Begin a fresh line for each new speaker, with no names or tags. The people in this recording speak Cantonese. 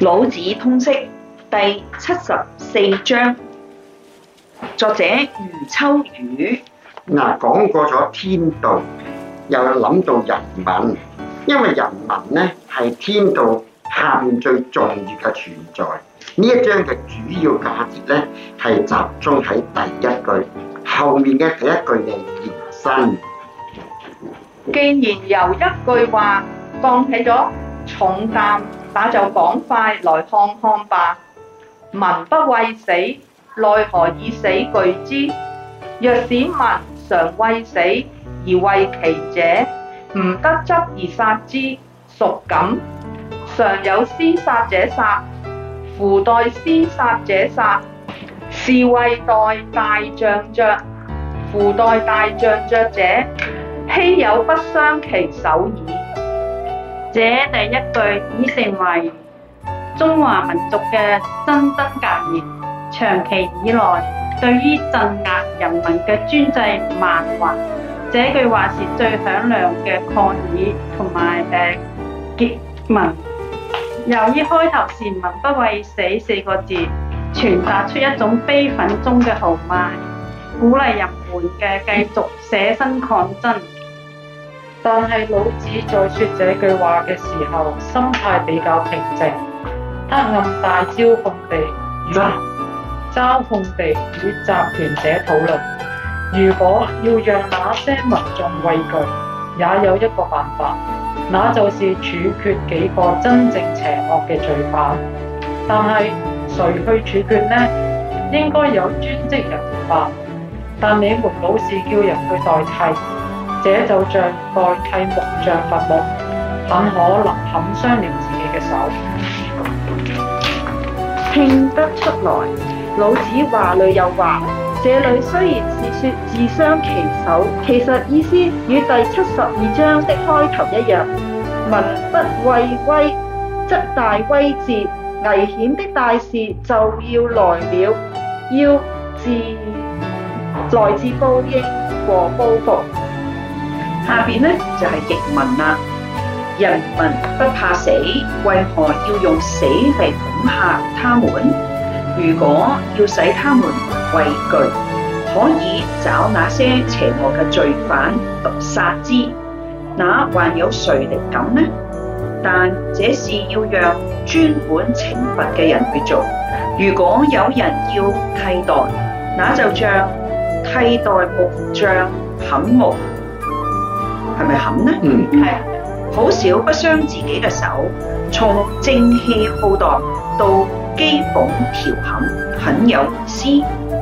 《老子通識》第七十四章，作者余秋
雨。嗱，講過咗天道，又諗到人民，因為人民咧係天道下面最重要嘅存在。呢一章嘅主要價值咧係集中喺第一句，後面嘅第一句嘅延伸：
既然由一句話放棄咗重擔。那就趕快來看看吧。民不畏死，奈何以死懼之？若使民常畏死，而畏其者，唔得執而殺之，孰敢？常有司殺者殺，夫代司殺者殺，是謂代大匠斲。夫代大匠斲者，者，希有
不傷其手矣。這第一句已成為中華民族嘅真真格言，長期以來對於鎮壓人民嘅專制蠻橫，這句話是最響亮嘅抗議同埋誒檄文。由於開頭是“民不畏死”四個字，傳達出一種悲憤中嘅豪邁，鼓勵人們嘅繼續捨身抗爭。
但係老子在說這句話嘅時候，心態比較平靜。他暗大嘲諷地，嘲諷地與集團者討論：如果要讓那些民眾畏懼，也有一個辦法，那就是處決幾個真正邪惡嘅罪犯。但係誰去處決呢？應該有專職人員吧？但你們老是叫人去代替。這就像代替木匠伐木，很可能砍傷了自己嘅手。聽得出來，老子話裏有話。
這裡雖然是說自傷其手，其實意思與第七十二章的開頭一樣：民不畏威，則大威至。危險的大事就要來了，要自來自報應和報復。下面咧就係譯文了，人民不怕死，為何要用死嚟恐吓他們？如果要使他們畏懼，可以找那些邪惡嘅罪犯毒殺之，那還有誰來敢呢？但這是要讓專管懲罰嘅人去做。如果有人要替代，那就像替代木匠砍木。係咪冚咧？嗯，係、mm，好、hmm. 少不傷自己嘅手，從正氣浩蕩到基本調侃，很有意思。